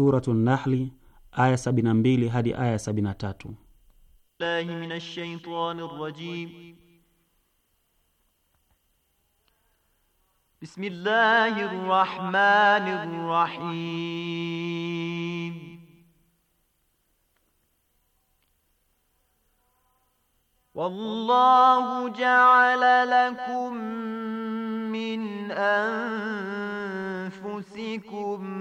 Suratu Nahli aya 72 hadi aya 73. Billahi minash shaitani rrajim. Bismillahir rahmanir rahim. والله جعل لكم من أنفسكم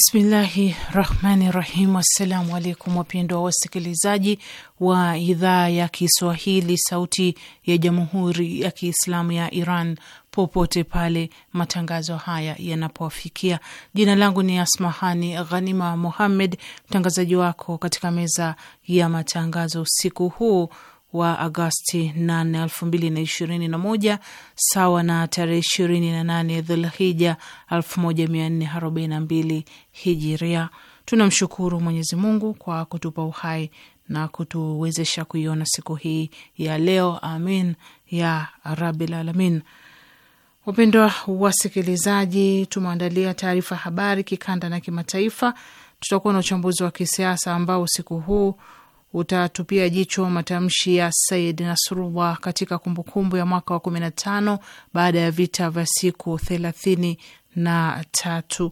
Bismillahi rahmani rahim. Assalamu alaikum wapendwa wasikilizaji wa idhaa ya Kiswahili sauti ya jamhuri ya Kiislamu ya Iran popote pale matangazo haya yanapowafikia. Jina langu ni Asmahani Ghanima Muhammed, mtangazaji wako katika meza ya matangazo usiku huu wa Agosti 8, 2021 sawa na tarehe 28 Dhulhija 1442 Hijiria. Tunamshukuru Mwenyezi Mungu kwa kutupa uhai na kutuwezesha kuiona siku hii ya leo. Amin ya rabil alamin. Wapendwa wasikilizaji, tumeandalia taarifa habari kikanda na kimataifa. Tutakuwa na uchambuzi wa kisiasa ambao usiku huu utatupia jicho matamshi ya Said Nasrullah katika kumbukumbu ya mwaka wa kumi na tano baada ya vita vya siku thelathini na tatu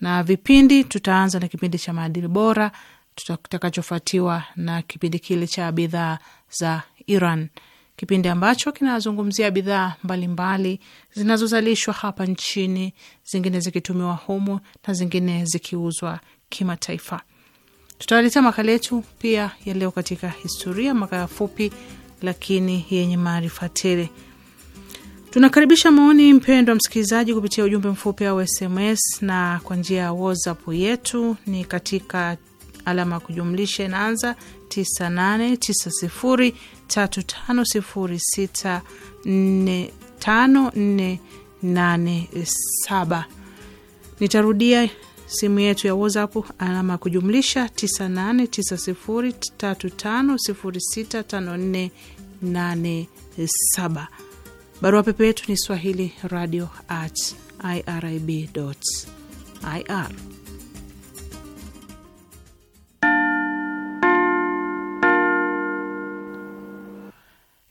na vipindi tutaanza na kipindi cha maadili bora tutakachofuatiwa na kipindi kile cha bidhaa za Iran, kipindi ambacho kinazungumzia bidhaa mbalimbali zinazozalishwa hapa nchini, zingine zikitumiwa humu na zingine zikiuzwa kimataifa. Tutawaletea makala yetu pia ya leo katika historia, makala fupi lakini yenye maarifa tele. Tunakaribisha maoni, mpendwa msikilizaji, kupitia ujumbe mfupi au SMS na kwa njia ya WhatsApp yetu ni katika alama ya kujumlisha inaanza 989035065487. Nitarudia simu yetu ya WhatsApp alama ya kujumlisha 989035065487. Barua pepe yetu ni swahili radio at irib ir.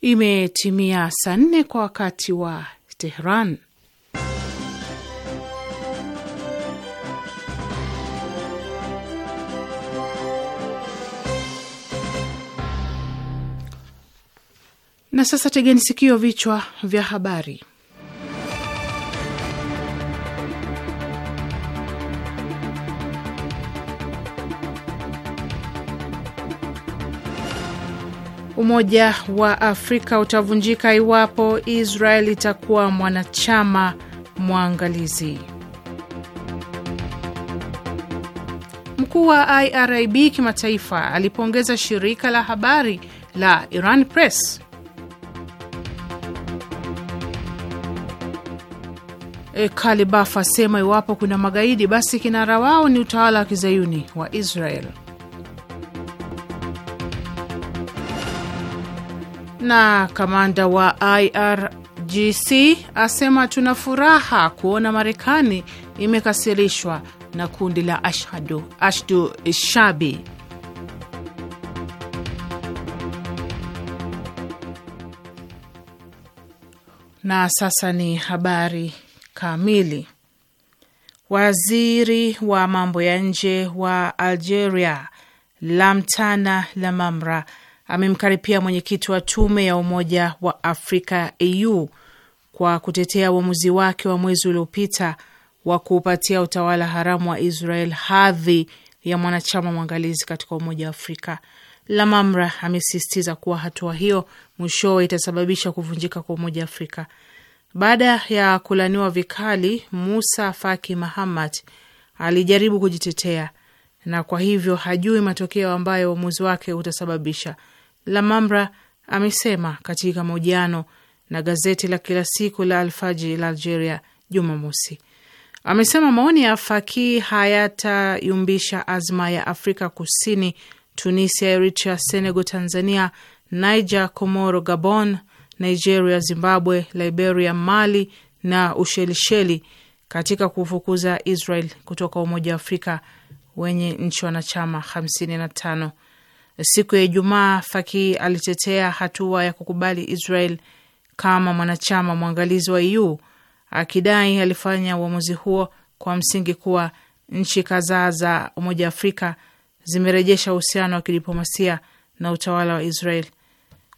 Imetimia saa nne kwa wakati wa Tehran Na sasa tegeni sikio, vichwa vya habari. Umoja wa Afrika utavunjika iwapo Israel itakuwa mwanachama mwangalizi. Mkuu wa IRIB kimataifa alipongeza shirika la habari la Iran Press E, Kalibaf asema iwapo kuna magaidi basi kinara wao ni utawala wa kizayuni wa Israel. Na kamanda wa IRGC asema tuna furaha kuona Marekani imekasirishwa na kundi la Ashadu, Ashdu Shabi. Na sasa ni habari kamili. Waziri wa mambo ya nje wa Algeria Lamtana Lamamra amemkaripia mwenyekiti wa tume ya Umoja wa Afrika AU kwa kutetea uamuzi wake wa mwezi uliopita wa kuupatia utawala haramu wa Israel hadhi ya mwanachama mwangalizi katika Umoja wa Afrika. Lamamra amesisitiza kuwa hatua hiyo mwishowe itasababisha kuvunjika kwa Umoja wa Afrika. Baada ya kulaniwa vikali, Musa Faki Mahamat alijaribu kujitetea na kwa hivyo hajui matokeo ambayo uamuzi wake utasababisha, Lamamra amesema katika mahojiano na gazeti la kila siku la Alfaji la Algeria Jumamosi. Amesema maoni ya Faki hayatayumbisha azma ya Afrika Kusini, Tunisia, Eritrea, Senegal, Tanzania, Niger, Komoro, Gabon, Nigeria, Zimbabwe, Liberia, Mali na Ushelisheli katika kufukuza Israel kutoka Umoja wa Afrika wenye nchi wanachama 55. Siku ya Ijumaa, Faki alitetea hatua ya kukubali Israel kama mwanachama mwangalizi wa EU akidai alifanya uamuzi huo kwa msingi kuwa nchi kadhaa za Umoja wa Afrika zimerejesha uhusiano wa kidiplomasia na utawala wa Israel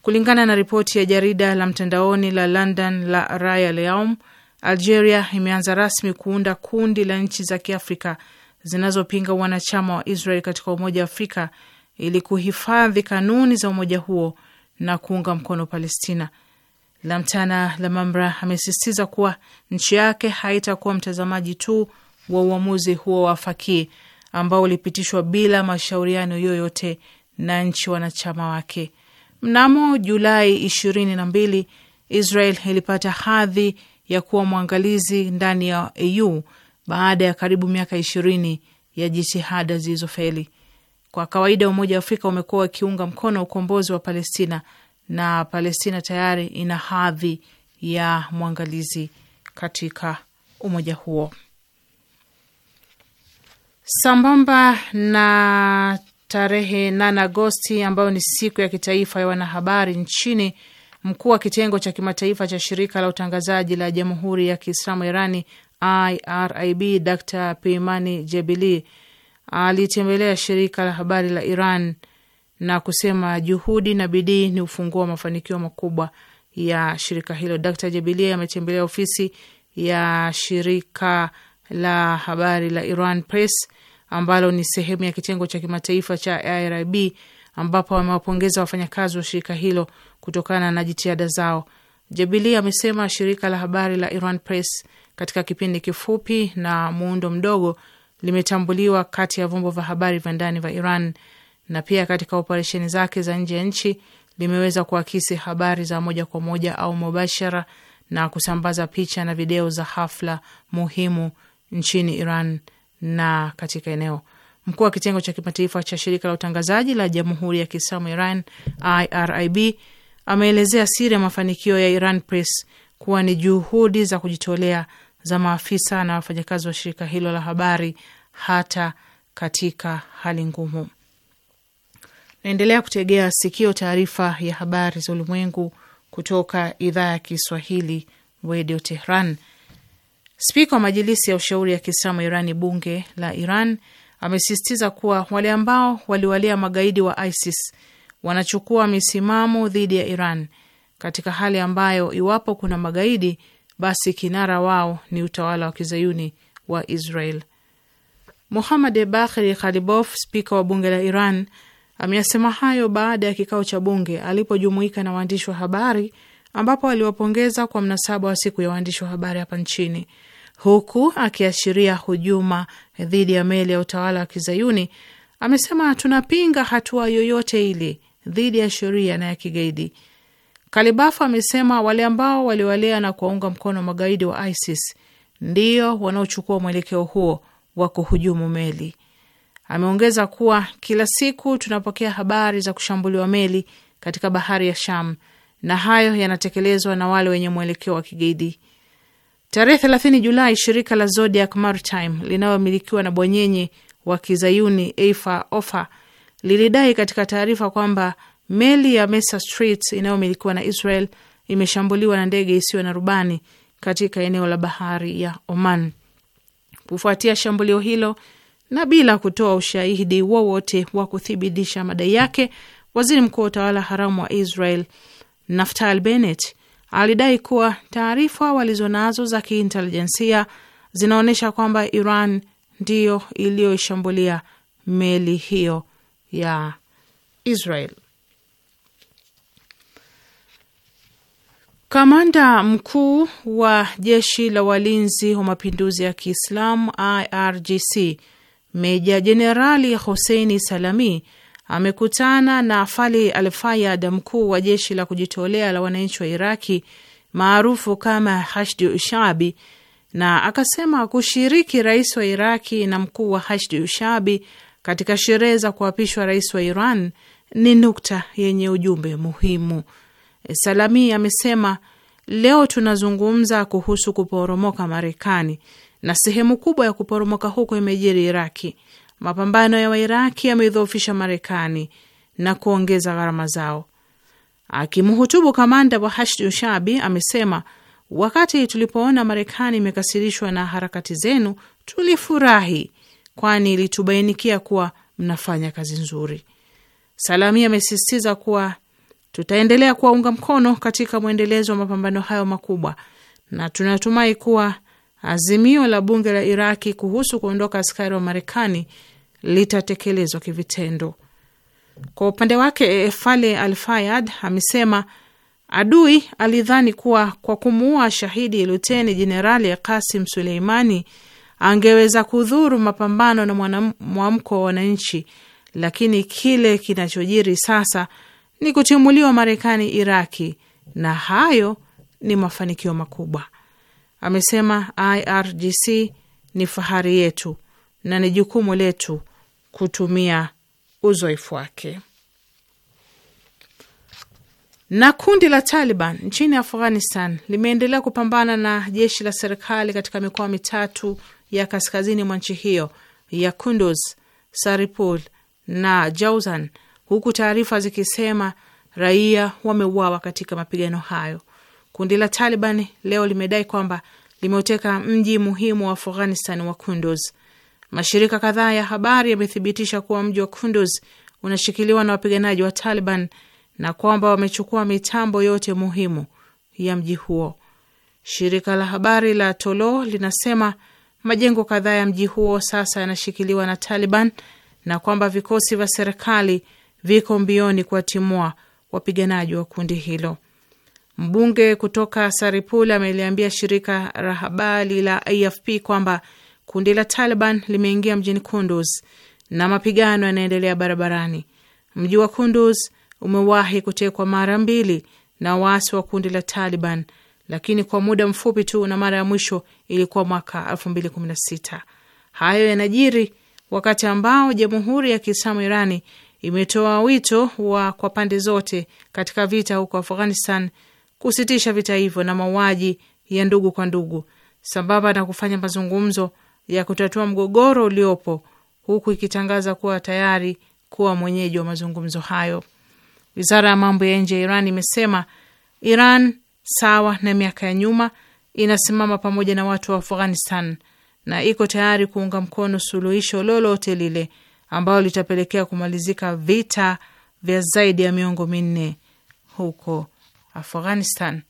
Kulingana na ripoti ya jarida la mtandaoni la London la Raya Leaum, Algeria imeanza rasmi kuunda kundi la nchi za kiafrika zinazopinga wanachama wa Israel katika Umoja wa Afrika ili kuhifadhi kanuni za umoja huo na kuunga mkono Palestina. Lamtana Lamamra amesisitiza kuwa nchi yake haitakuwa mtazamaji tu wa uamuzi huo wa Fakii ambao ulipitishwa bila mashauriano yoyote na nchi wanachama wake. Mnamo Julai 22 Israel ilipata hadhi ya kuwa mwangalizi ndani ya EU baada ya karibu miaka ishirini ya jitihada zilizofeli. Kwa kawaida, Umoja wa Afrika umekuwa ukiunga mkono ukombozi wa Palestina na Palestina tayari ina hadhi ya mwangalizi katika umoja huo. Sambamba na tarehe 8 Agosti, ambayo ni siku ya kitaifa ya wanahabari nchini, mkuu wa kitengo cha kimataifa cha shirika la utangazaji la Jamhuri ya Kiislamu Irani IRIB Dr Peimani Jebili alitembelea shirika la habari la Iran na kusema juhudi na bidii ni ufunguo wa mafanikio makubwa ya shirika hilo. Dr Jebili ametembelea ofisi ya shirika la habari la Iran Press ambalo ni sehemu ya kitengo cha kimataifa cha IRIB ambapo wamewapongeza wafanyakazi wa shirika hilo kutokana na jitihada zao. Jabili amesema shirika la habari la Iran Press katika kipindi kifupi na muundo mdogo limetambuliwa kati ya vyombo vya habari vya ndani vya Iran na pia katika operesheni zake za nje ya nchi limeweza kuakisi habari za moja kwa moja au mubashara na kusambaza picha na video za hafla muhimu nchini Iran na katika eneo. Mkuu wa kitengo cha kimataifa cha shirika la utangazaji la jamhuri ya Kiislamu Iran IRIB ameelezea siri ya mafanikio ya Iran Press kuwa ni juhudi za kujitolea za maafisa na wafanyakazi wa shirika hilo la habari hata katika hali ngumu. Naendelea kutegea sikio taarifa ya habari za ulimwengu kutoka idhaa ya Kiswahili, Redio Tehran. Spika wa Majilisi ya Ushauri ya Kiislamu Irani, bunge la Iran, amesisitiza kuwa wale ambao waliwalea magaidi wa ISIS wanachukua misimamo dhidi ya Iran katika hali ambayo iwapo kuna magaidi basi kinara wao ni utawala wa kizayuni wa Israel. Muhamad Bakhri Khalibof, spika wa bunge la Iran, ameyasema hayo baada ya kikao cha bunge alipojumuika na waandishi wa habari, ambapo aliwapongeza kwa mnasaba wa siku ya waandishi wa habari hapa nchini huku akiashiria hujuma dhidi ya meli ya utawala wa Kizayuni. Amesema tunapinga hatua yoyote ile dhidi ya sheria na ya kigaidi. Kalibafu amesema wale ambao waliwalea na kuwaunga mkono magaidi wa ISIS ndio wanaochukua mwelekeo huo wa kuhujumu meli. Ameongeza kuwa kila siku tunapokea habari za kushambuliwa meli katika bahari ya Sham, na hayo yanatekelezwa na wale wenye mwelekeo wa kigaidi. Tarehe 30 Julai, shirika la Zodiac Maritime linalomilikiwa na bwanyenye wa kizayuni Eifa Ofa lilidai katika taarifa kwamba meli ya Mesa Street inayomilikiwa na Israel imeshambuliwa na ndege isiyo na rubani katika eneo la bahari ya Oman. Kufuatia shambulio hilo na bila kutoa ushahidi wowote wa kuthibitisha madai yake, waziri mkuu wa utawala haramu wa Israel Naftali Bennett alidai kuwa taarifa walizonazo za kiintelijensia zinaonyesha kwamba Iran ndiyo iliyoishambulia meli hiyo ya Israel. Kamanda mkuu wa jeshi la walinzi wa mapinduzi ya Kiislamu IRGC Meja Jenerali Husseini Salami amekutana na Fali al Fayad, mkuu wa jeshi la kujitolea la wananchi wa Iraki maarufu kama Hashdi Ushabi, na akasema kushiriki rais wa Iraki na mkuu wa Hashdi Ushabi katika sherehe za kuapishwa rais wa Iran ni nukta yenye ujumbe muhimu. Salami amesema leo tunazungumza kuhusu kuporomoka Marekani na sehemu kubwa ya kuporomoka huko imejiri Iraki mapambano ya Wairaki yameidhoofisha Marekani na kuongeza gharama zao. Akimhutubu kamanda wa Hashd Ushabi amesema, wakati tulipoona Marekani imekasirishwa na harakati zenu tulifurahi, kwani ilitubainikia kuwa mnafanya kazi nzuri. Salami amesisitiza kuwa tutaendelea kuwaunga mkono katika mwendelezo wa mapambano hayo makubwa na tunatumai kuwa azimio la bunge la Iraki kuhusu kuondoka askari wa Marekani litatekelezwa kivitendo. Kwa upande wake, Fale Al Fayad amesema adui alidhani kuwa kwa kumuua shahidi luteni jenerali Kasim Suleimani angeweza kudhuru mapambano na mwamko wa wananchi, lakini kile kinachojiri sasa ni kutimuliwa Marekani Iraki, na hayo ni mafanikio makubwa. Amesema IRGC ni fahari yetu na ni jukumu letu kutumia uzoefu wake. Na kundi la Taliban nchini Afghanistan limeendelea kupambana na jeshi la serikali katika mikoa mitatu ya kaskazini mwa nchi hiyo ya Kunduz, Saripul na Jauzan, huku taarifa zikisema raia wameuawa katika mapigano hayo. Kundi la Taliban leo limedai kwamba limeuteka mji muhimu wa Afghanistan wa Kunduz. Mashirika kadhaa ya habari yamethibitisha kuwa mji wa Kunduz unashikiliwa na wapiganaji wa Taliban na kwamba wamechukua mitambo yote muhimu ya mji huo. Shirika la habari la Tolo linasema majengo kadhaa ya mji huo sasa yanashikiliwa na Taliban na kwamba vikosi vya serikali viko mbioni kuwatimua wapiganaji wa kundi hilo. Mbunge kutoka Saripul ameliambia shirika la habari la AFP kwamba kundi la Taliban limeingia mjini Kunduz na mapigano yanaendelea barabarani. Mji wa Kunduz umewahi kutekwa mara mbili na waasi wa kundi la Taliban, lakini kwa muda mfupi tu, na mara ya mwisho ilikuwa mwaka 2016. Hayo yanajiri wakati ambao Jamhuri ya Kiislamu Irani imetoa wito wa kwa pande zote katika vita huko Afghanistan kusitisha vita hivyo na mauaji ya ndugu kwa ndugu, sambamba na kufanya mazungumzo ya kutatua mgogoro uliopo, huku ikitangaza kuwa tayari kuwa mwenyeji wa mazungumzo hayo. Wizara ya mambo ya nje ya Iran imesema Iran, sawa na miaka ya nyuma, inasimama pamoja na watu wa Afghanistan na iko tayari kuunga mkono suluhisho lolote lile ambalo litapelekea kumalizika vita vya zaidi ya miongo minne huko Afghanistan.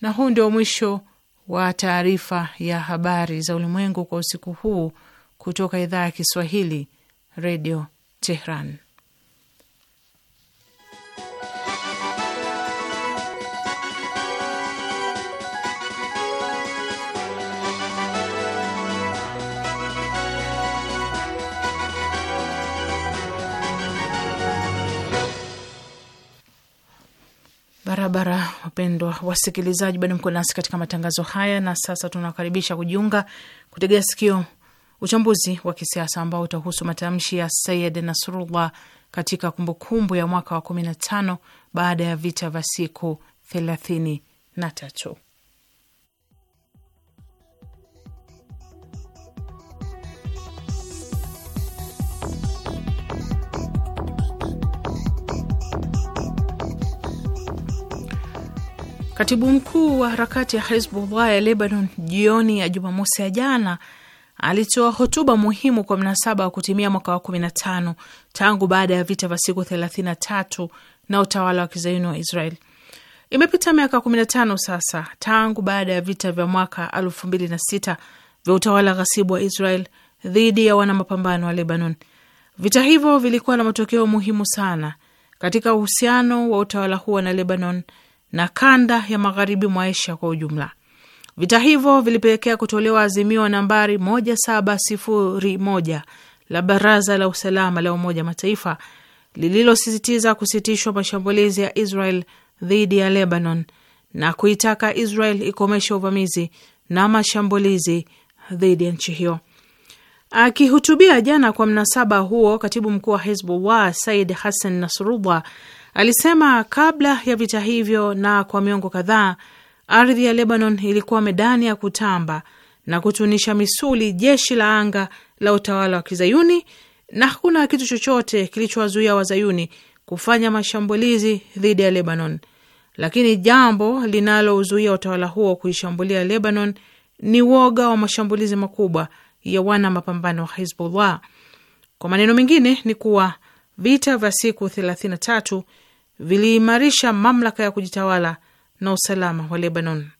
Na huu ndio mwisho wa taarifa ya habari za ulimwengu kwa usiku huu kutoka idhaa ya Kiswahili, Redio Tehran. barabara. Wapendwa wasikilizaji, bado mko nasi katika matangazo haya, na sasa tunakaribisha kujiunga kutegea sikio uchambuzi wa kisiasa ambao utahusu matamshi ya Sayid Nasrullah katika kumbukumbu kumbu ya mwaka wa kumi na tano baada ya vita vya siku thelathini na tatu. Katibu mkuu wa harakati ya Hezbollah ya Lebanon jioni ya Jumamosi ya jana alitoa hotuba muhimu kwa mnasaba wa kutimia mwaka wa 15 tangu baada ya vita vya siku 33 na utawala wa kizayuni wa Israel. Imepita miaka 15 sasa tangu baada ya vita vya mwaka 2006 vya utawala ghasibu wa Israel dhidi ya wanamapambano wa Lebanon. Vita hivyo vilikuwa na matokeo muhimu sana katika uhusiano wa utawala huo na Lebanon na kanda ya magharibi mwa Asia kwa ujumla. Vita hivyo vilipelekea kutolewa azimio nambari 1701 la Baraza la Usalama la Umoja Mataifa lililosisitiza kusitishwa mashambulizi ya Israel dhidi ya Lebanon na kuitaka Israel ikomeshe uvamizi na mashambulizi dhidi ya nchi hiyo. Akihutubia jana kwa mnasaba huo, katibu mkuu wa Hizbullah Said Hassan Nasrallah Alisema kabla ya vita hivyo na kwa miongo kadhaa, ardhi ya Lebanon ilikuwa medani ya kutamba na kutunisha misuli jeshi la anga la utawala wa Kizayuni, na hakuna kitu chochote kilichowazuia Wazayuni kufanya mashambulizi dhidi ya Lebanon. Lakini jambo linalouzuia utawala huo kuishambulia Lebanon ni woga wa mashambulizi makubwa ya wana mapambano wa Hizbullah. Kwa maneno mengine, ni kuwa vita vya siku 33 viliimarisha mamlaka ya kujitawala na usalama wa Lebanon.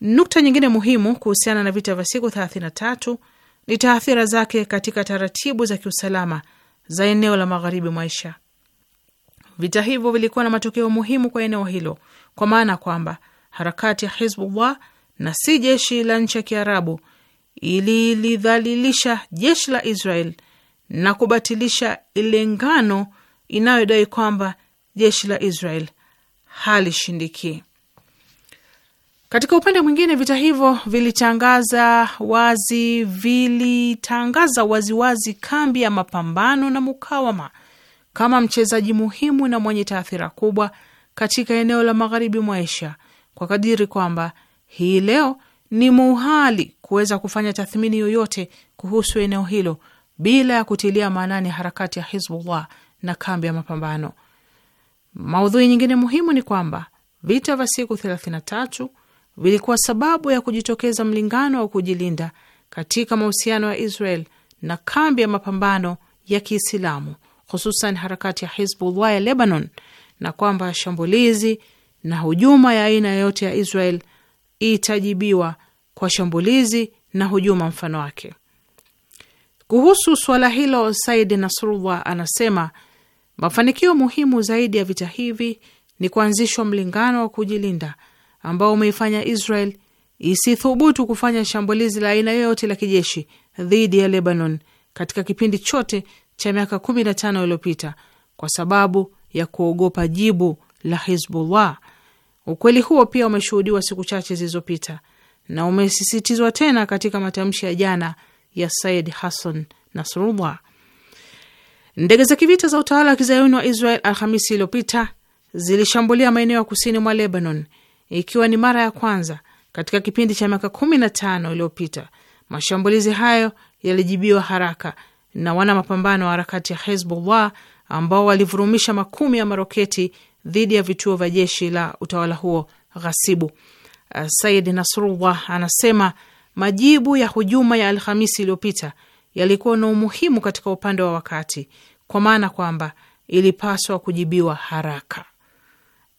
Nukta nyingine muhimu kuhusiana na vita vya siku 33 ni taathira zake katika taratibu za kiusalama za eneo la magharibi mwa Asia. Vita hivyo vilikuwa na matokeo muhimu kwa eneo hilo, kwa maana kwamba harakati ya Hizbullah na si jeshi la nchi ya Kiarabu ililidhalilisha jeshi la Israel na kubatilisha ilengano inayodai kwamba jeshi la Israel halishindiki. Katika upande mwingine, vita hivyo vilitangaza wazi vilitangaza waziwazi kambi ya mapambano na mukawama kama mchezaji muhimu na mwenye taathira kubwa katika eneo la magharibi mwa Asia, kwa kadiri kwamba hii leo ni muhali kuweza kufanya tathmini yoyote kuhusu eneo hilo bila ya kutilia maanani harakati ya Hizbullah na kambi ya mapambano. Maudhui nyingine muhimu ni kwamba vita vya siku 33 vilikuwa sababu ya kujitokeza mlingano wa kujilinda katika mahusiano ya Israel na kambi ya mapambano ya Kiislamu, hususan harakati ya Hizbullah ya Lebanon, na kwamba shambulizi na hujuma ya aina yoyote ya Israel itajibiwa kwa shambulizi na hujuma mfano wake. Kuhusu suala hilo, Said Nasrullah anasema Mafanikio muhimu zaidi ya vita hivi ni kuanzishwa mlingano wa kujilinda ambao umeifanya Israel isithubutu kufanya shambulizi la aina yoyote la kijeshi dhidi ya Lebanon katika kipindi chote cha miaka 15 iliyopita kwa sababu ya kuogopa jibu la Hizbullah. Ukweli huo pia umeshuhudiwa siku chache zilizopita na umesisitizwa tena katika matamshi ya jana ya Said Hassan Nasrullah. Ndege za kivita za utawala wa kizayuni wa Israel Alhamisi iliyopita zilishambulia maeneo ya kusini mwa Lebanon, ikiwa ni mara ya kwanza katika kipindi cha miaka tano iliyopita. Mashambulizi hayo yalijibiwa haraka na wana mapambano wa harakati ya Hezbollah ambao walivurumisha makumi ya maroketi dhidi ya vituo vya jeshi la utawala huo ghasibu. Said Nasrullah anasema majibu ya hujuma ya Alhamisi iliyopita yalikuwa na umuhimu katika upande wa wakati, kwa maana kwamba ilipaswa kujibiwa haraka.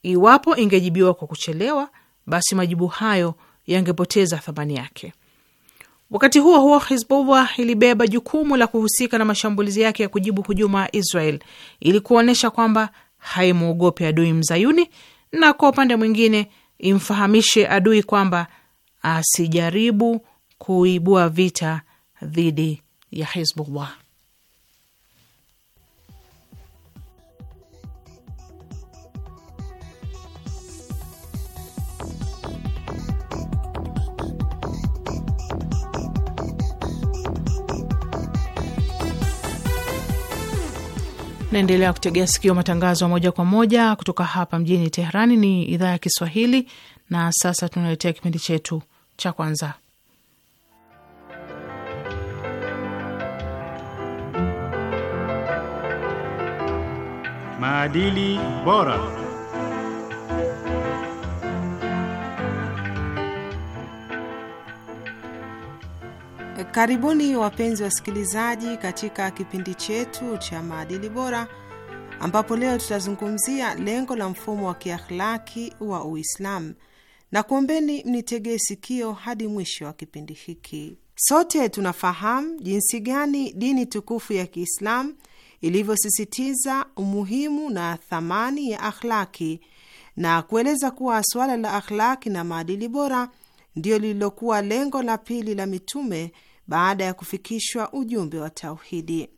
Iwapo ingejibiwa kwa kuchelewa, basi majibu hayo yangepoteza thamani yake. Wakati huo huo, Hizbullah ilibeba jukumu la kuhusika na mashambulizi yake ya kujibu hujuma ya Israel ili kuonyesha kwamba haimwogopi adui mzayuni, na kwa upande mwingine imfahamishe adui kwamba asijaribu kuibua vita dhidi ya Hizbullah. Naendelea kutegea sikio matangazo ya moja kwa moja kutoka hapa mjini Teherani. Ni idhaa ya Kiswahili, na sasa tunaletea kipindi chetu cha kwanza Maadili bora. Karibuni wapenzi wasikilizaji, katika kipindi chetu cha maadili bora, ambapo leo tutazungumzia lengo la mfumo wa kiakhlaki wa Uislamu na kuombeni mnitegee sikio hadi mwisho wa kipindi hiki. Sote tunafahamu jinsi gani dini tukufu ya Kiislamu ilivyosisitiza umuhimu na thamani ya akhlaki na kueleza kuwa suala la akhlaki na maadili bora ndiyo lililokuwa lengo la pili la mitume baada ya kufikishwa ujumbe wa tauhidi.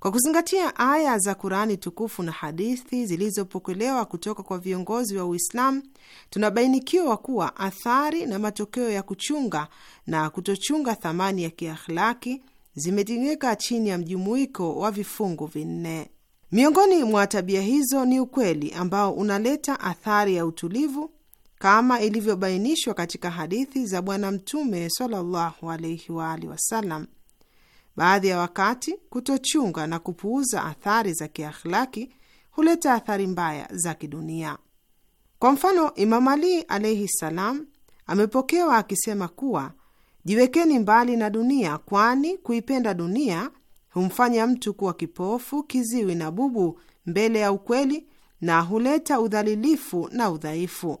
Kwa kuzingatia aya za Kurani tukufu na hadithi zilizopokelewa kutoka kwa viongozi wa Uislamu, tunabainikiwa kuwa athari na matokeo ya kuchunga na kutochunga thamani ya kiakhlaki zimetingika chini ya mjumuiko wa vifungu vinne. Miongoni mwa tabia hizo ni ukweli ambao unaleta athari ya utulivu kama ilivyobainishwa katika hadithi za Bwana Mtume sallallahu alaihi wa alihi wasallam. Baadhi ya wakati kutochunga na kupuuza athari za kiakhlaki huleta athari mbaya za kidunia. Kwa mfano, Imam Ali alaihi salam amepokewa akisema kuwa Jiwekeni mbali na dunia, kwani kuipenda dunia humfanya mtu kuwa kipofu, kiziwi na bubu mbele ya ukweli na huleta udhalilifu na udhaifu.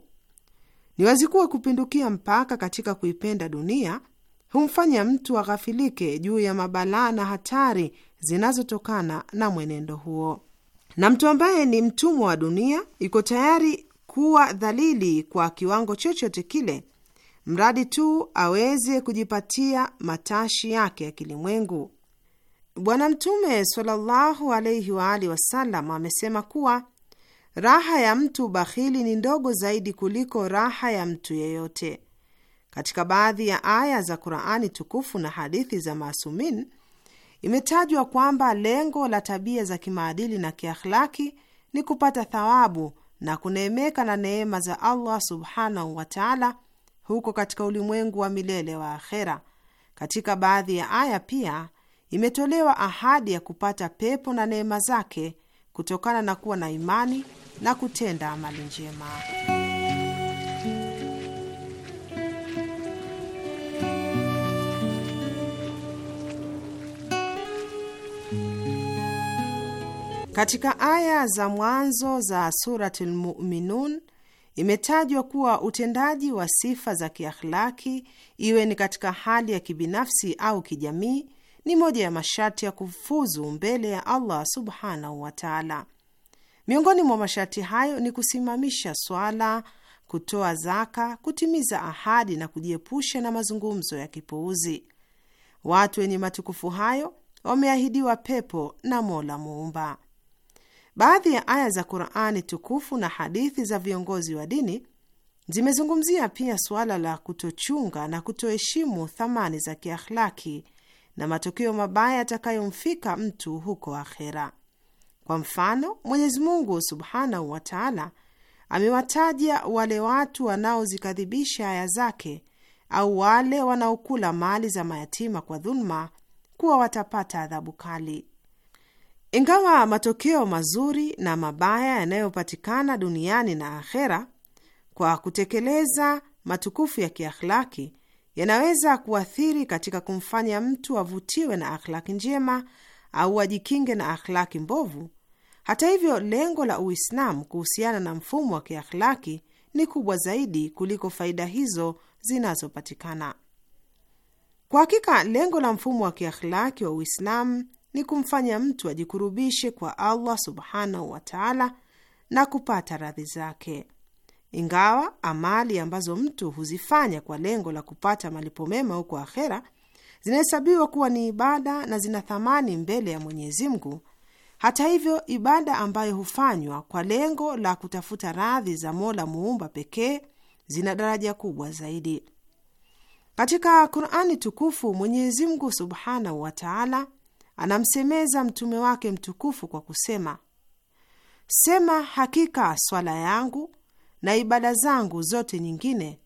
Ni wazi kuwa kupindukia mpaka katika kuipenda dunia humfanya mtu aghafilike juu ya mabalaa na hatari zinazotokana na mwenendo huo. Na mtu ambaye ni mtumwa wa dunia iko tayari kuwa dhalili kwa kiwango chochote kile mradi tu aweze kujipatia matashi yake ya kilimwengu. Bwana Mtume sallallahu alaihi wasallam amesema kuwa raha ya mtu bakhili ni ndogo zaidi kuliko raha ya mtu yeyote. Katika baadhi ya aya za Qurani tukufu na hadithi za Maasumin imetajwa kwamba lengo la tabia za kimaadili na kiakhlaki ni kupata thawabu na kuneemeka na neema za Allah subhanahu wataala huko katika ulimwengu wa milele wa akhera. Katika baadhi ya aya pia imetolewa ahadi ya kupata pepo na neema zake kutokana na kuwa na imani na kutenda amali njema. Katika aya za mwanzo za Suratul Muminun imetajwa kuwa utendaji wa sifa za kiakhlaki, iwe ni katika hali ya kibinafsi au kijamii, ni moja ya masharti ya kufuzu mbele ya Allah subhanahu wa taala. Miongoni mwa masharti hayo ni kusimamisha swala, kutoa zaka, kutimiza ahadi na kujiepusha na mazungumzo ya kipuuzi. Watu wenye matukufu hayo wameahidiwa pepo na Mola Muumba. Baadhi ya aya za Qurani tukufu na hadithi za viongozi wa dini zimezungumzia pia suala la kutochunga na kutoheshimu thamani za kiakhlaki na matokeo mabaya yatakayomfika mtu huko akhera. Kwa mfano, Mwenyezi Mungu subhanahu wa taala amewataja wale watu wanaozikadhibisha aya zake au wale wanaokula mali za mayatima kwa dhuluma kuwa watapata adhabu kali. Ingawa matokeo mazuri na mabaya yanayopatikana duniani na akhera kwa kutekeleza matukufu ya kiakhlaki yanaweza kuathiri katika kumfanya mtu avutiwe na akhlaki njema au ajikinge na akhlaki mbovu. Hata hivyo, lengo la Uislamu kuhusiana na mfumo wa kiakhlaki ni kubwa zaidi kuliko faida hizo zinazopatikana. Kwa hakika, lengo la mfumo wa kiakhlaki wa Uislamu ni kumfanya mtu ajikurubishe kwa Allah subhanahu wa taala na kupata radhi zake. Ingawa amali ambazo mtu huzifanya kwa lengo la kupata malipo mema huko akhera zinahesabiwa kuwa ni ibada na zina thamani mbele ya Mwenyezi Mungu, hata hivyo, ibada ambayo hufanywa kwa lengo la kutafuta radhi za Mola muumba pekee zina daraja kubwa zaidi. Katika Qurani Tukufu, Mwenyezi Mungu subhanahu wa taala anamsemeza mtume wake mtukufu kwa kusema, sema hakika swala yangu na ibada zangu zote nyingine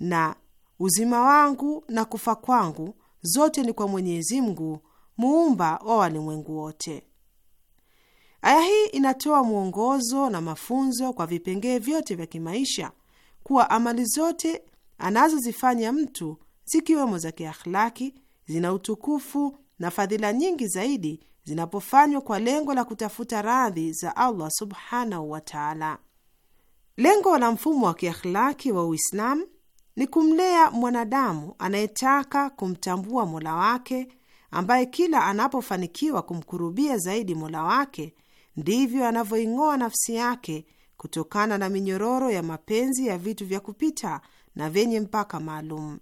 na uzima wangu na kufa kwangu zote ni kwa Mwenyezi Mungu muumba wa walimwengu wote. Aya hii inatoa mwongozo na mafunzo kwa vipengee vyote vya kimaisha kuwa amali zote anazozifanya mtu zikiwemo za kiakhlaki zina utukufu na fadhila nyingi zaidi zinapofanywa kwa lengo la kutafuta radhi za Allah subhanahu wa taala. Lengo la mfumo wa kiakhlaki wa Uislamu ni kumlea mwanadamu anayetaka kumtambua mola wake, ambaye kila anapofanikiwa kumkurubia zaidi mola wake ndivyo anavyoing'oa nafsi yake kutokana na minyororo ya mapenzi ya vitu vya kupita na vyenye mpaka maalum.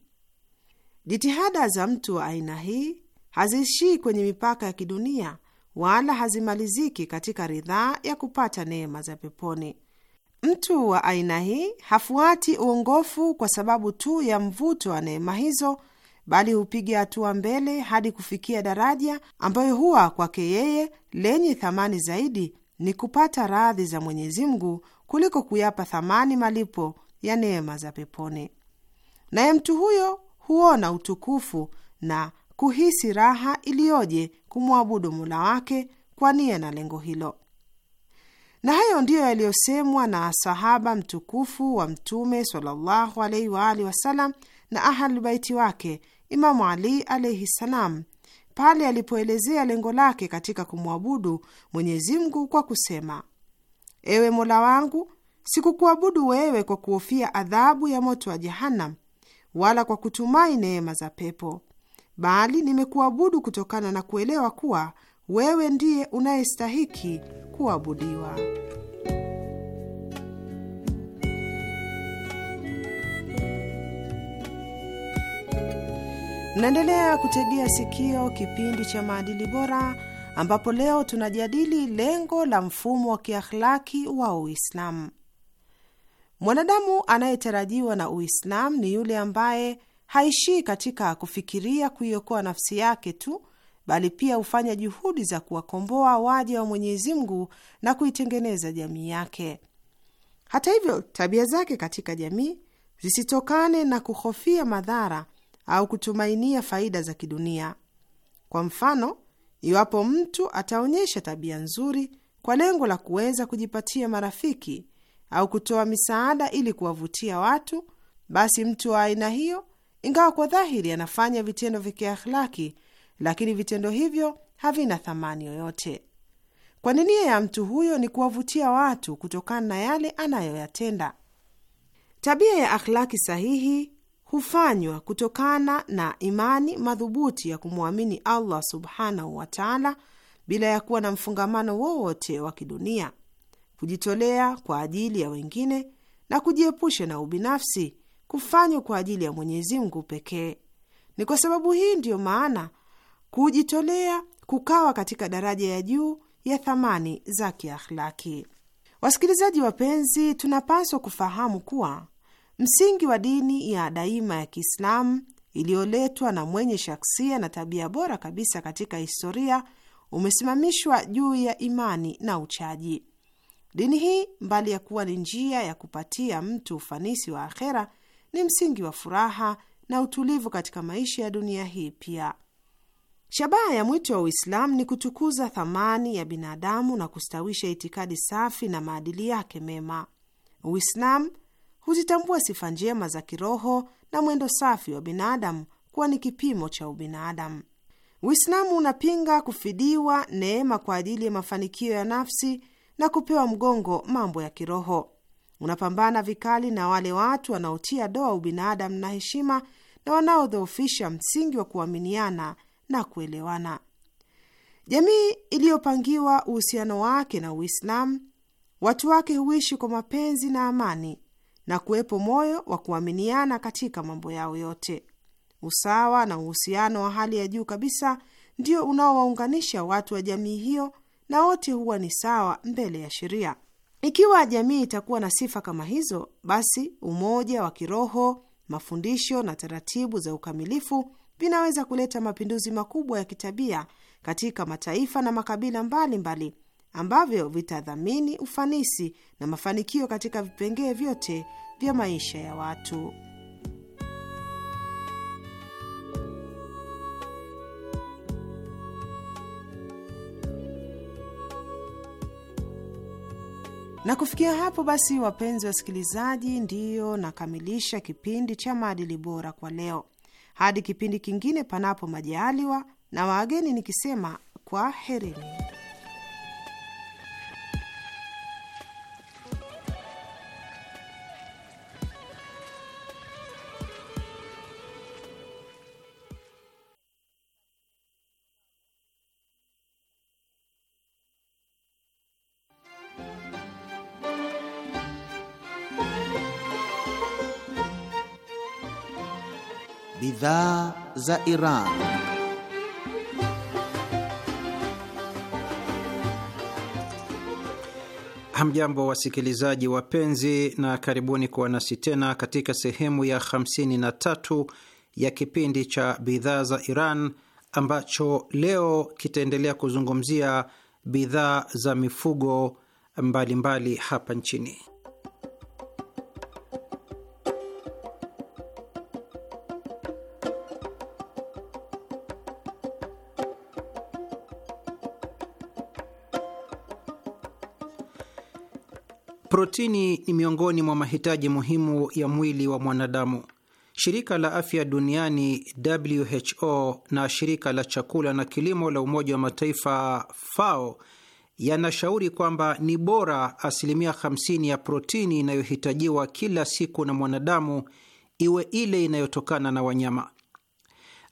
Jitihada za mtu wa aina hii haziishii kwenye mipaka ya kidunia wala hazimaliziki katika ridhaa ya kupata neema za peponi. Mtu wa aina hii hafuati uongofu kwa sababu tu ya mvuto wa neema hizo, bali hupiga hatua mbele hadi kufikia daraja ambayo huwa kwake yeye lenye thamani zaidi ni kupata radhi za Mwenyezi Mungu kuliko kuyapa thamani malipo ya neema za peponi. Naye mtu huyo huona utukufu na kuhisi raha iliyoje kumwabudu Mola wake kwa nia na lengo hilo. Na hayo ndiyo yaliyosemwa na sahaba mtukufu wa Mtume sallallahu alaihi wa alihi wasallam na ahalbaiti wake Imamu Ali alaihi ssalam pale alipoelezea lengo lake katika kumwabudu Mwenyezi Mungu kwa kusema: ewe Mola wangu, sikukuabudu wewe kwa kuhofia adhabu ya moto wa Jahannam, wala kwa kutumai neema za pepo bali nimekuabudu kutokana na kuelewa kuwa wewe ndiye unayestahiki kuabudiwa. Mnaendelea kutegea sikio kipindi cha maadili bora, ambapo leo tunajadili lengo la mfumo wa kiakhlaki wa Uislamu. Mwanadamu anayetarajiwa na Uislamu ni yule ambaye haishii katika kufikiria kuiokoa nafsi yake tu, bali pia hufanya juhudi za kuwakomboa waja wa Mwenyezi Mungu na kuitengeneza jamii yake. Hata hivyo, tabia zake katika jamii zisitokane na kuhofia madhara au kutumainia faida za kidunia. Kwa mfano, iwapo mtu ataonyesha tabia nzuri kwa lengo la kuweza kujipatia marafiki au kutoa misaada ili kuwavutia watu, basi mtu wa aina hiyo ingawa kwa dhahiri anafanya vitendo vya kiakhlaki, lakini vitendo hivyo havina thamani yoyote, kwani nia ya mtu huyo ni kuwavutia watu kutokana na yale anayoyatenda. Tabia ya akhlaki sahihi hufanywa kutokana na imani madhubuti ya kumwamini Allah subhanahu wa taala, bila ya kuwa na mfungamano wowote wa kidunia, kujitolea kwa ajili ya wengine na kujiepusha na ubinafsi kufanywa kwa ajili ya Mwenyezi Mungu pekee. Ni kwa sababu hii ndiyo maana kujitolea kukawa katika daraja ya juu ya thamani za kiakhlaki. Wasikilizaji wapenzi, tunapaswa kufahamu kuwa msingi wa dini ya daima ya Kiislamu iliyoletwa na mwenye shaksia na tabia bora kabisa katika historia umesimamishwa juu ya imani na uchaji. Dini hii mbali ya kuwa ni njia ya kupatia mtu ufanisi wa akhera, ni msingi wa furaha na utulivu katika maisha ya dunia hii pia. Shabaha ya mwito wa Uislamu ni kutukuza thamani ya binadamu na kustawisha itikadi safi na maadili yake mema. Uislamu huzitambua sifa njema za kiroho na mwendo safi wa binadamu kuwa ni kipimo cha ubinadamu. Uislamu unapinga kufidiwa neema kwa ajili ya mafanikio ya nafsi na kupewa mgongo mambo ya kiroho unapambana vikali na wale watu wanaotia doa ubinadamu na heshima na wanaodhoofisha msingi wa kuaminiana na kuelewana. Jamii iliyopangiwa uhusiano wake na Uislamu, watu wake huishi kwa mapenzi na amani na kuwepo moyo wa kuaminiana katika mambo yao yote. Usawa na uhusiano wa hali ya juu kabisa ndio unaowaunganisha watu wa jamii hiyo, na wote huwa ni sawa mbele ya sheria. Ikiwa jamii itakuwa na sifa kama hizo, basi umoja wa kiroho, mafundisho na taratibu za ukamilifu vinaweza kuleta mapinduzi makubwa ya kitabia katika mataifa na makabila mbalimbali mbali, ambavyo vitadhamini ufanisi na mafanikio katika vipengee vyote vya maisha ya watu. Na kufikia hapo basi, wapenzi wasikilizaji, ndiyo nakamilisha kipindi cha maadili bora kwa leo. Hadi kipindi kingine, panapo majaliwa, na wageni nikisema kwa herini. bidhaa za Iran. Hamjambo wasikilizaji wapenzi, na karibuni kuwa nasi tena katika sehemu ya 53 ya kipindi cha bidhaa za Iran ambacho leo kitaendelea kuzungumzia bidhaa za mifugo mbalimbali mbali hapa nchini. Protini ni miongoni mwa mahitaji muhimu ya mwili wa mwanadamu. Shirika la Afya Duniani WHO na shirika la chakula na kilimo la Umoja wa Mataifa FAO yanashauri kwamba ni bora asilimia 50 ya protini inayohitajiwa kila siku na mwanadamu iwe ile inayotokana na wanyama.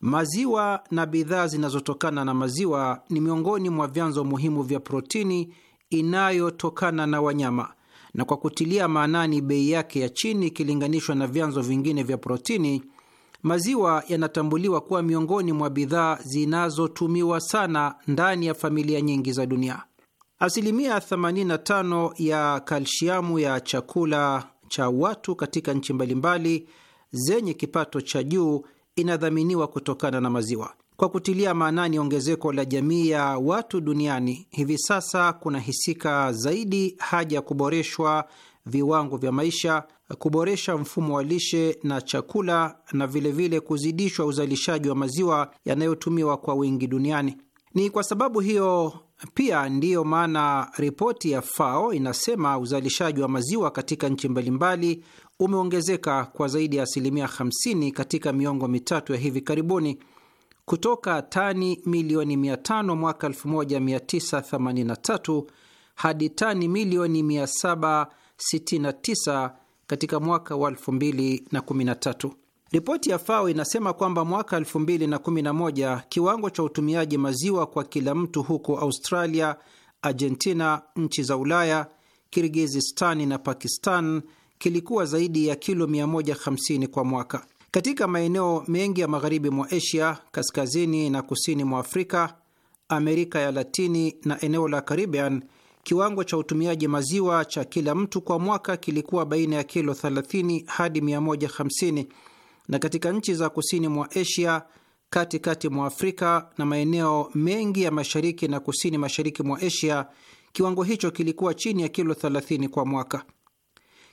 Maziwa na bidhaa zinazotokana na maziwa ni miongoni mwa vyanzo muhimu vya protini inayotokana na wanyama na kwa kutilia maanani bei yake ya chini ikilinganishwa na vyanzo vingine vya protini, maziwa yanatambuliwa kuwa miongoni mwa bidhaa zinazotumiwa sana ndani ya familia nyingi za dunia. Asilimia 85 ya kalsiamu ya chakula cha watu katika nchi mbalimbali zenye kipato cha juu inadhaminiwa kutokana na maziwa. Kwa kutilia maanani ongezeko la jamii ya watu duniani, hivi sasa kunahisika zaidi haja ya kuboreshwa viwango vya maisha, kuboresha mfumo wa lishe na chakula, na vilevile vile kuzidishwa uzalishaji wa maziwa yanayotumiwa kwa wingi duniani. Ni kwa sababu hiyo pia ndiyo maana ripoti ya FAO inasema uzalishaji wa maziwa katika nchi mbalimbali umeongezeka kwa zaidi ya asilimia 50 katika miongo mitatu ya hivi karibuni kutoka tani milioni 500 mwaka 1983 hadi tani milioni 769 katika mwaka wa 2013. Ripoti ya FAO inasema kwamba mwaka 2011 kiwango cha utumiaji maziwa kwa kila mtu huko Australia, Argentina, nchi za Ulaya, Kirgizistani na Pakistan kilikuwa zaidi ya kilo 150 kwa mwaka. Katika maeneo mengi ya magharibi mwa Asia, kaskazini na kusini mwa Afrika, Amerika ya Latini na eneo la Caribbean, kiwango cha utumiaji maziwa cha kila mtu kwa mwaka kilikuwa baina ya kilo 30 hadi 150, na katika nchi za kusini mwa Asia, katikati kati mwa Afrika na maeneo mengi ya mashariki na kusini mashariki mwa Asia, kiwango hicho kilikuwa chini ya kilo 30 kwa mwaka.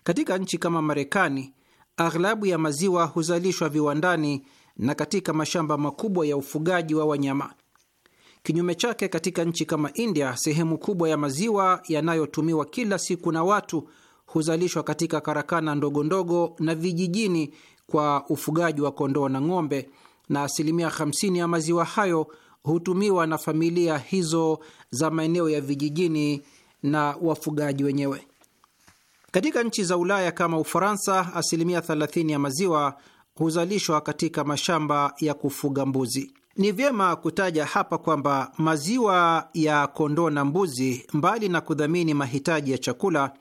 Katika nchi kama Marekani Aghlabu ya maziwa huzalishwa viwandani na katika mashamba makubwa ya ufugaji wa wanyama. Kinyume chake, katika nchi kama India, sehemu kubwa ya maziwa yanayotumiwa kila siku na watu huzalishwa katika karakana ndogo ndogo na vijijini kwa ufugaji wa kondoo na ng'ombe, na asilimia 50 ya maziwa hayo hutumiwa na familia hizo za maeneo ya vijijini na wafugaji wenyewe. Katika nchi za Ulaya kama Ufaransa, asilimia 30 ya maziwa huzalishwa katika mashamba ya kufuga mbuzi. Ni vyema kutaja hapa kwamba maziwa ya kondoo na mbuzi, mbali na kudhamini mahitaji ya chakula,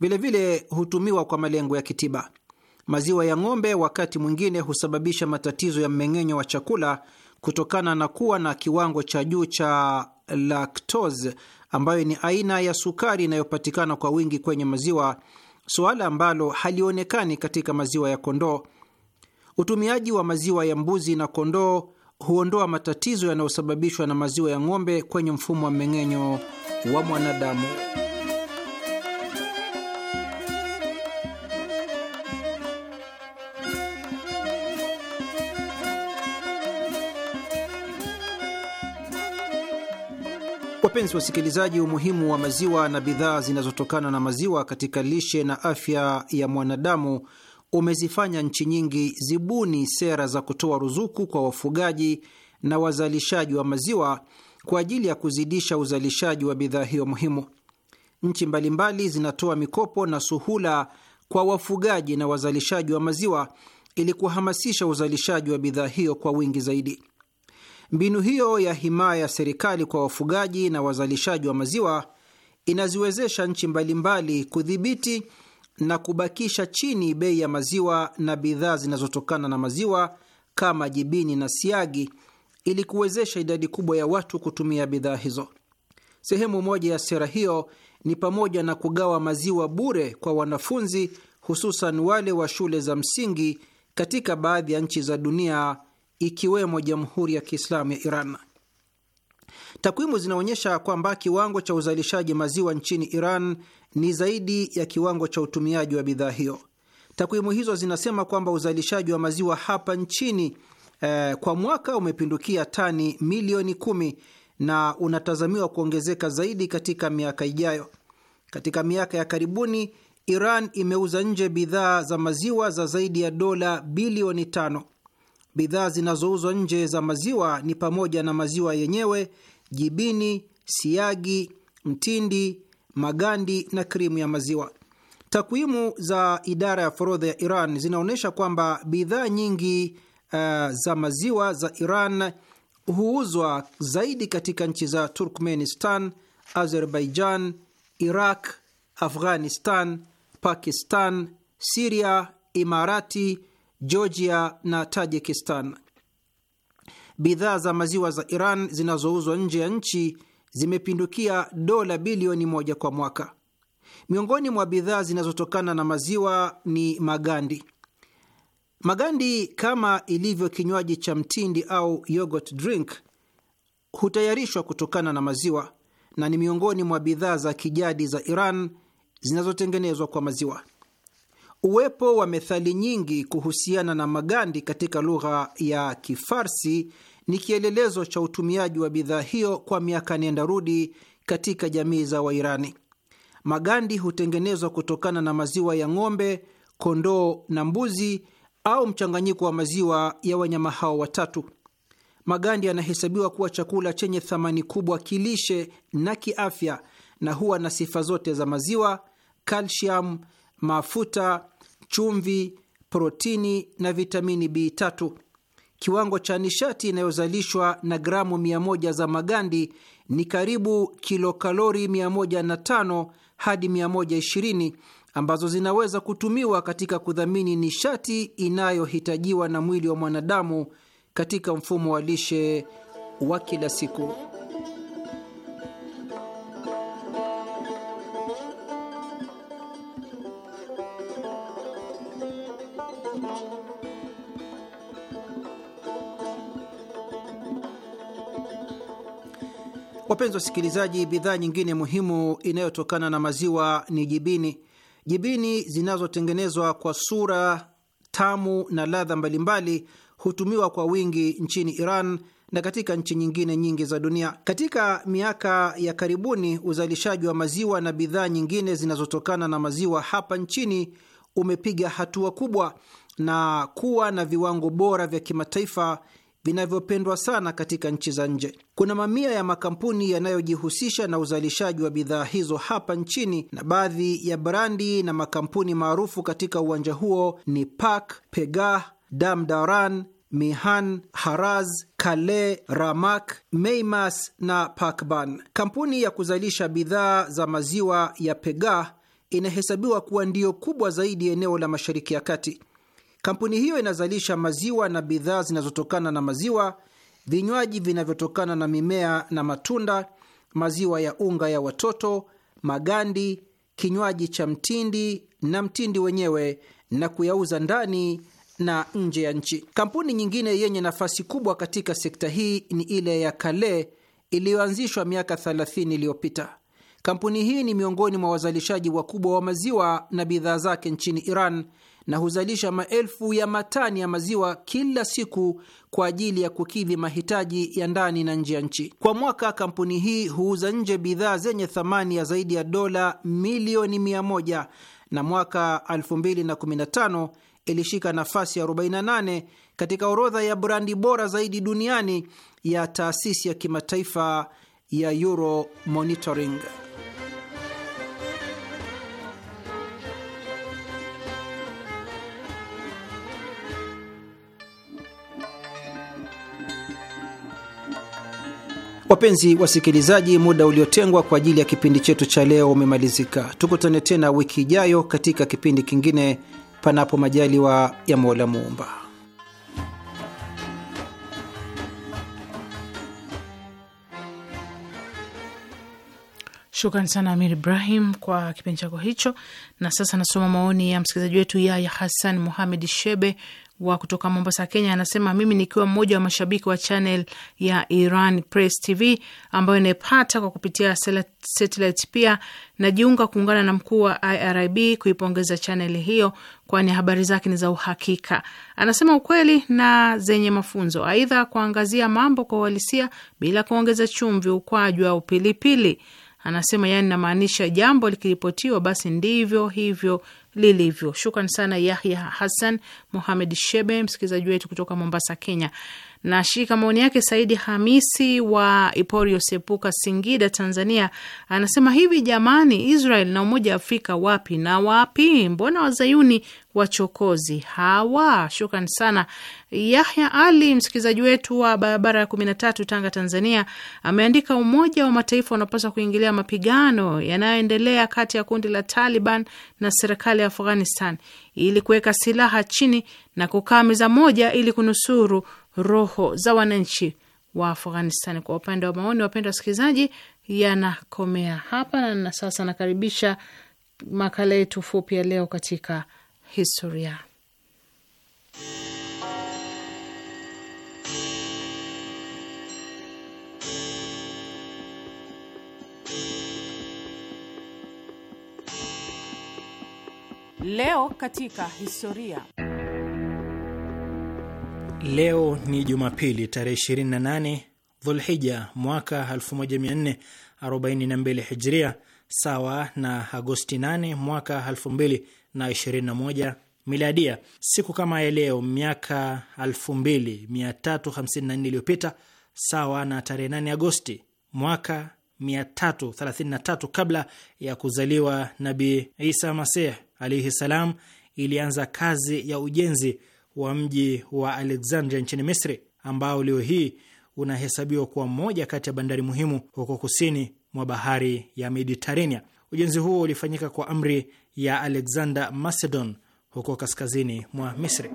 vilevile vile hutumiwa kwa malengo ya kitiba. Maziwa ya ng'ombe wakati mwingine husababisha matatizo ya mmeng'enyo wa chakula kutokana na kuwa na kiwango cha juu cha lactose ambayo ni aina ya sukari inayopatikana kwa wingi kwenye maziwa, suala ambalo halionekani katika maziwa ya kondoo. Utumiaji wa maziwa ya mbuzi na kondoo huondoa matatizo yanayosababishwa na maziwa ya ng'ombe kwenye mfumo wa mmeng'enyo wa mwanadamu. Wapenzi wasikilizaji, umuhimu wa maziwa na bidhaa zinazotokana na maziwa katika lishe na afya ya mwanadamu umezifanya nchi nyingi zibuni sera za kutoa ruzuku kwa wafugaji na wazalishaji wa maziwa kwa ajili ya kuzidisha uzalishaji wa bidhaa hiyo muhimu. Nchi mbalimbali zinatoa mikopo na suhula kwa wafugaji na wazalishaji wa maziwa ili kuhamasisha uzalishaji wa bidhaa hiyo kwa wingi zaidi. Mbinu hiyo ya himaya ya serikali kwa wafugaji na wazalishaji wa maziwa inaziwezesha nchi mbalimbali kudhibiti na kubakisha chini bei ya maziwa na bidhaa zinazotokana na maziwa kama jibini na siagi ili kuwezesha idadi kubwa ya watu kutumia bidhaa hizo. Sehemu moja ya sera hiyo ni pamoja na kugawa maziwa bure kwa wanafunzi, hususan wale wa shule za msingi katika baadhi ya nchi za dunia ikiwemo Jamhuri ya Kiislamu ya Iran. Takwimu zinaonyesha kwamba kiwango cha uzalishaji maziwa nchini Iran ni zaidi ya kiwango cha utumiaji wa bidhaa hiyo. Takwimu hizo zinasema kwamba uzalishaji wa maziwa hapa nchini eh, kwa mwaka umepindukia tani milioni kumi na unatazamiwa kuongezeka zaidi katika miaka ijayo. Katika miaka ya karibuni Iran imeuza nje bidhaa za maziwa za zaidi ya dola bilioni tano Bidhaa zinazouzwa nje za maziwa ni pamoja na maziwa yenyewe, jibini, siagi, mtindi, magandi na krimu ya maziwa. Takwimu za idara ya forodha ya Iran zinaonyesha kwamba bidhaa nyingi uh, za maziwa za Iran huuzwa zaidi katika nchi za Turkmenistan, Azerbaijan, Iraq, Afghanistan, Pakistan, Siria, Imarati, Georgia na Tajikistan. Bidhaa za maziwa za Iran zinazouzwa nje ya nchi zimepindukia dola bilioni moja kwa mwaka. Miongoni mwa bidhaa zinazotokana na maziwa ni magandi. Magandi, kama ilivyo kinywaji cha mtindi au yogurt drink, hutayarishwa kutokana na maziwa na ni miongoni mwa bidhaa za kijadi za Iran zinazotengenezwa kwa maziwa. Uwepo wa methali nyingi kuhusiana na magandi katika lugha ya Kifarsi ni kielelezo cha utumiaji wa bidhaa hiyo kwa miaka nenda rudi katika jamii za Wairani. Magandi hutengenezwa kutokana na maziwa ya ng'ombe, kondoo na mbuzi au mchanganyiko wa maziwa ya wanyama hao watatu. Magandi yanahesabiwa kuwa chakula chenye thamani kubwa kilishe na kiafya, na huwa na sifa zote za maziwa, kalsiamu, mafuta chumvi, protini na vitamini B3. Kiwango cha nishati inayozalishwa na gramu 100 za magandi ni karibu kilokalori 105 hadi 120 ambazo zinaweza kutumiwa katika kudhamini nishati inayohitajiwa na mwili wa mwanadamu katika mfumo wa lishe wa kila siku. Wapenzi wasikilizaji, bidhaa nyingine muhimu inayotokana na maziwa ni jibini. Jibini zinazotengenezwa kwa sura tamu na ladha mbalimbali hutumiwa kwa wingi nchini Iran na katika nchi nyingine nyingi za dunia. Katika miaka ya karibuni, uzalishaji wa maziwa na bidhaa nyingine zinazotokana na maziwa hapa nchini umepiga hatua kubwa na kuwa na viwango bora vya kimataifa vinavyopendwa sana katika nchi za nje. Kuna mamia ya makampuni yanayojihusisha na uzalishaji wa bidhaa hizo hapa nchini, na baadhi ya brandi na makampuni maarufu katika uwanja huo ni Pak, Pegah, Damdaran, Mihan, Haraz, Kale, Ramak, Meimas na Pakban. Kampuni ya kuzalisha bidhaa za maziwa ya Pegah inahesabiwa kuwa ndiyo kubwa zaidi eneo la Mashariki ya Kati. Kampuni hiyo inazalisha maziwa na bidhaa zinazotokana na maziwa, vinywaji vinavyotokana na mimea na matunda, maziwa ya unga ya watoto, magandi, kinywaji cha mtindi na mtindi wenyewe na kuyauza ndani na nje ya nchi. Kampuni nyingine yenye nafasi kubwa katika sekta hii ni ile ya Kale iliyoanzishwa miaka 30 iliyopita. Kampuni hii ni miongoni mwa wazalishaji wakubwa wa maziwa na bidhaa zake nchini Iran na huzalisha maelfu ya matani ya maziwa kila siku kwa ajili ya kukidhi mahitaji ya ndani na nje ya nchi. Kwa mwaka, kampuni hii huuza nje bidhaa zenye thamani ya zaidi ya dola milioni 1 na mwaka 2015 ilishika nafasi ya 48 katika orodha ya brandi bora zaidi duniani ya taasisi ya kimataifa ya Euro Monitoring. Wapenzi wasikilizaji, muda uliotengwa kwa ajili ya kipindi chetu cha leo umemalizika. Tukutane tena wiki ijayo katika kipindi kingine, panapo majaliwa ya Mola Muumba. Shukran sana Amir Ibrahim kwa kipindi chako hicho. Na sasa nasoma maoni ya msikilizaji wetu Yaya Hasan Muhamed Shebe wa kutoka Mombasa, Kenya, anasema mimi nikiwa mmoja wa mashabiki wa channel ya Iran Press TV ambayo inaipata kwa kupitia satellite, pia najiunga kuungana na mkuu wa IRIB kuipongeza chaneli hiyo, kwani habari zake ni za uhakika, anasema ukweli na zenye mafunzo. Aidha, kuangazia mambo kwa uhalisia bila kuongeza chumvi, ukwaju au pilipili. Anasema yani, namaanisha jambo likiripotiwa basi ndivyo hivyo lilivyo. Shukran sana Yahya Hassan muhamed Shebe, msikilizaji wetu kutoka Mombasa, Kenya, Nashika maoni yake Saidi Hamisi wa Iporio Sepuka, Singida, Tanzania, anasema hivi: jamani, Israel na Umoja wa Afrika wapi na wapi? Mbona wazayuni wachokozi hawa? Shukran sana. Yahya Ali, msikilizaji wetu wa barabara ya kumi na tatu, Tanga, Tanzania, ameandika Umoja wa Mataifa unapaswa kuingilia mapigano yanayoendelea kati ya kundi la Taliban na serikali ya Afghanistan ili kuweka silaha chini na kukaa meza moja ili kunusuru roho za wananchi wa Afghanistan. Kwa upande wa maoni, wapenda wasikilizaji, yanakomea hapa na sasa nakaribisha makala yetu fupi ya leo katika historia. Leo katika historia Leo ni Jumapili tarehe 28 Dhulhija mwaka 1442 Hijria, sawa na Agosti 8 mwaka 2021 Miladia. Siku kama ya leo miaka 2354 iliyopita, sawa na tarehe 8 Agosti mwaka 333 kabla ya kuzaliwa Nabii Isa Masih alaihi salam, ilianza kazi ya ujenzi wa mji wa Alexandria nchini Misri, ambao leo hii unahesabiwa kuwa mmoja kati ya bandari muhimu huko kusini mwa bahari ya Mediterania. Ujenzi huo ulifanyika kwa amri ya Alexander Macedon huko kaskazini mwa Misri.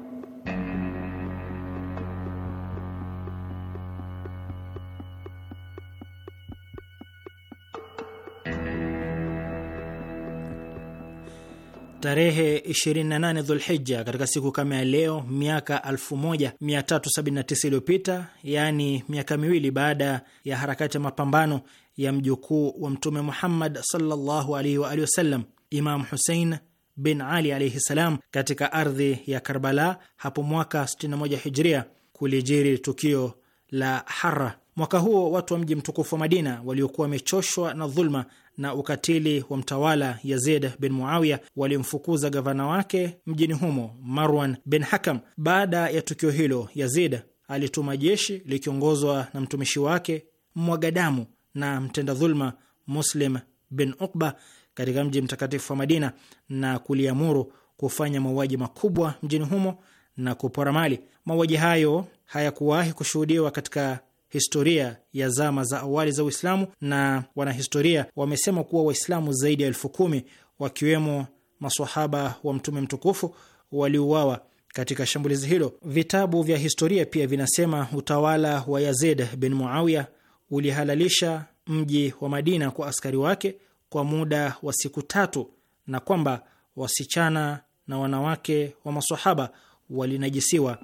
Tarehe 28 Dhulhija, katika siku kama ya leo miaka 1379 iliyopita, yaani miaka miwili baada ya harakati ya mapambano ya mjukuu wa Mtume Muhammad sallallahu alaihi wa alihi wasallam, Imam Husein bin Ali alaihi salam, katika ardhi ya Karbala hapo mwaka 61 Hijria, kulijiri tukio la Hara. Mwaka huo watu wa mji mtukufu wa Madina waliokuwa wamechoshwa na dhulma na ukatili wa mtawala Yazid bin Muawiya walimfukuza gavana wake mjini humo Marwan bin Hakam. Baada ya tukio hilo, Yazid alituma jeshi likiongozwa na mtumishi wake mwaga damu na mtenda dhulma Muslim bin Ukba katika mji mtakatifu wa Madina na kuliamuru kufanya mauaji makubwa mjini humo na kupora mali. Mauaji hayo hayakuwahi kushuhudiwa katika historia ya zama za awali za Uislamu, na wanahistoria wamesema kuwa Waislamu zaidi ya elfu kumi wakiwemo masahaba wa Mtume mtukufu waliuawa katika shambulizi hilo. Vitabu vya historia pia vinasema utawala wa Yazid bin Muawiya ulihalalisha mji wa Madina kwa askari wake kwa muda wa siku tatu, na kwamba wasichana na wanawake wa masahaba walinajisiwa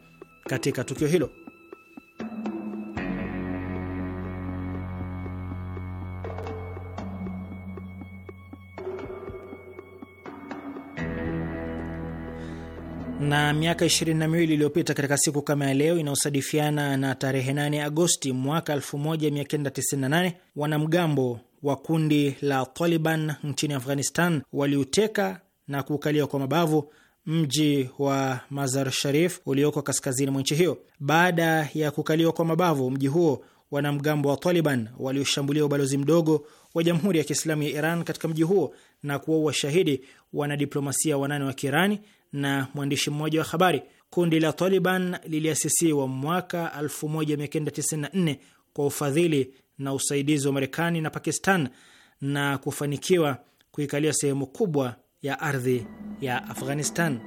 katika tukio hilo. na miaka ishirini na miwili iliyopita katika siku kama ya leo inayosadifiana na tarehe 8 Agosti mwaka 1998 wanamgambo wa kundi la Taliban nchini Afghanistan waliuteka na kuukalia kwa mabavu mji wa Mazar Sharif ulioko kaskazini mwa nchi hiyo. Baada ya kukaliwa kwa mabavu mji huo, wanamgambo wa Taliban walioshambulia ubalozi mdogo wa Jamhuri ya Kiislamu ya Iran katika mji huo na kuwaua shahidi wanadiplomasia wanane wa Kiirani na mwandishi mmoja wa habari. Kundi la Taliban liliasisiwa mwaka 1994 kwa ufadhili na usaidizi wa Marekani na Pakistan na kufanikiwa kuikalia sehemu kubwa ya ardhi ya Afghanistan.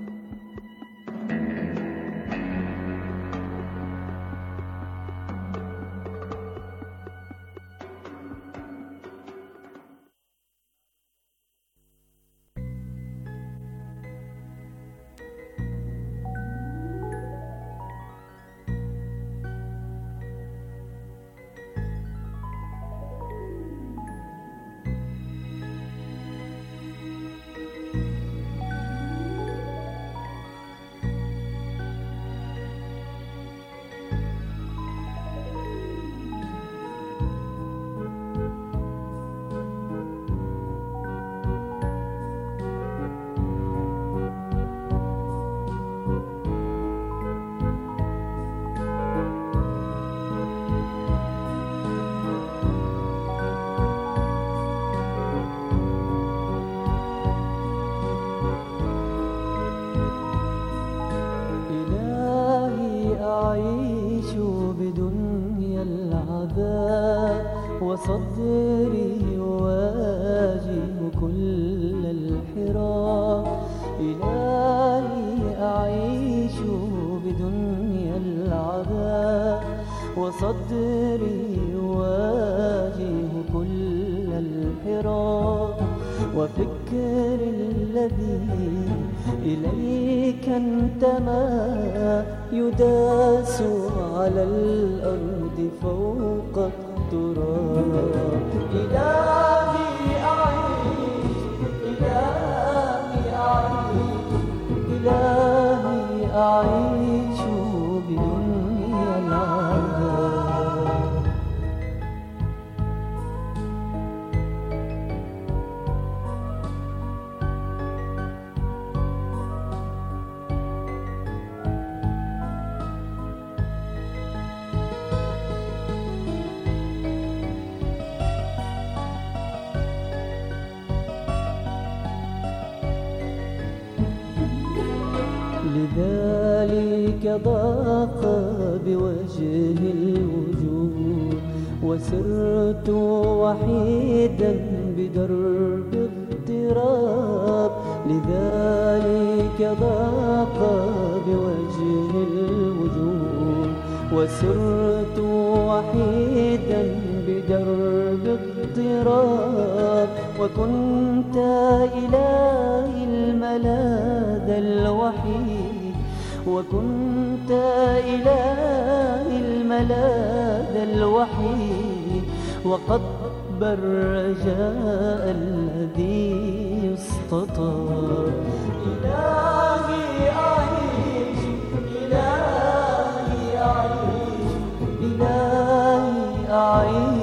فوق التراب إلهي وسرت وحيدا بدرب اضطراب لذلك ضاق بوجه الوجود وسرت وحيدا بدرب اضطراب وكنت إلهي الملاذ الوحيد وكنت إلهي الملاذ الوحيد وقد برجاء الذي يستطاع إلهي أعيش إلهي أعيش إلهي أعيش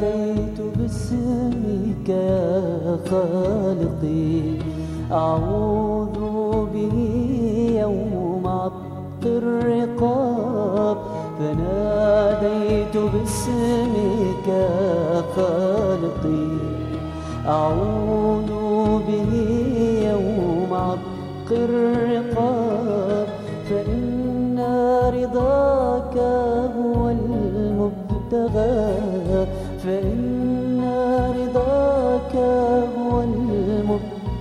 ناديت باسمك يا خالقي أعوذ به يوم عط الرقاب فناديت باسمك يا خالقي أعوذ به يوم عط الرقاب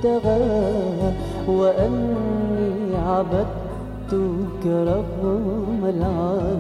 ابتغاها وأني عبدتك رغم العذاب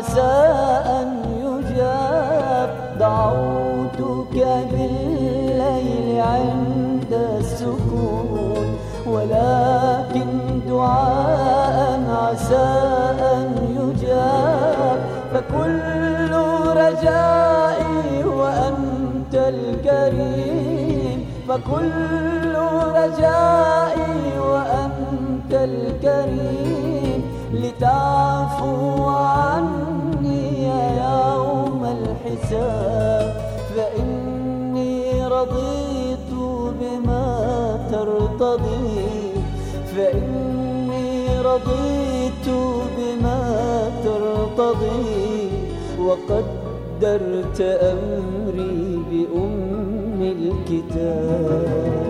عسى أن يجاب دعوتك بالليل عند السكون ولكن دعاء عسى أن يجاب فكل رجائي وأنت الكريم فكل رجائي وأنت الكريم لتعفو عني الحساب فإني رضيت بما ترتضي فإني رضيت بما ترتضي وقدرت أمري بأم الكتاب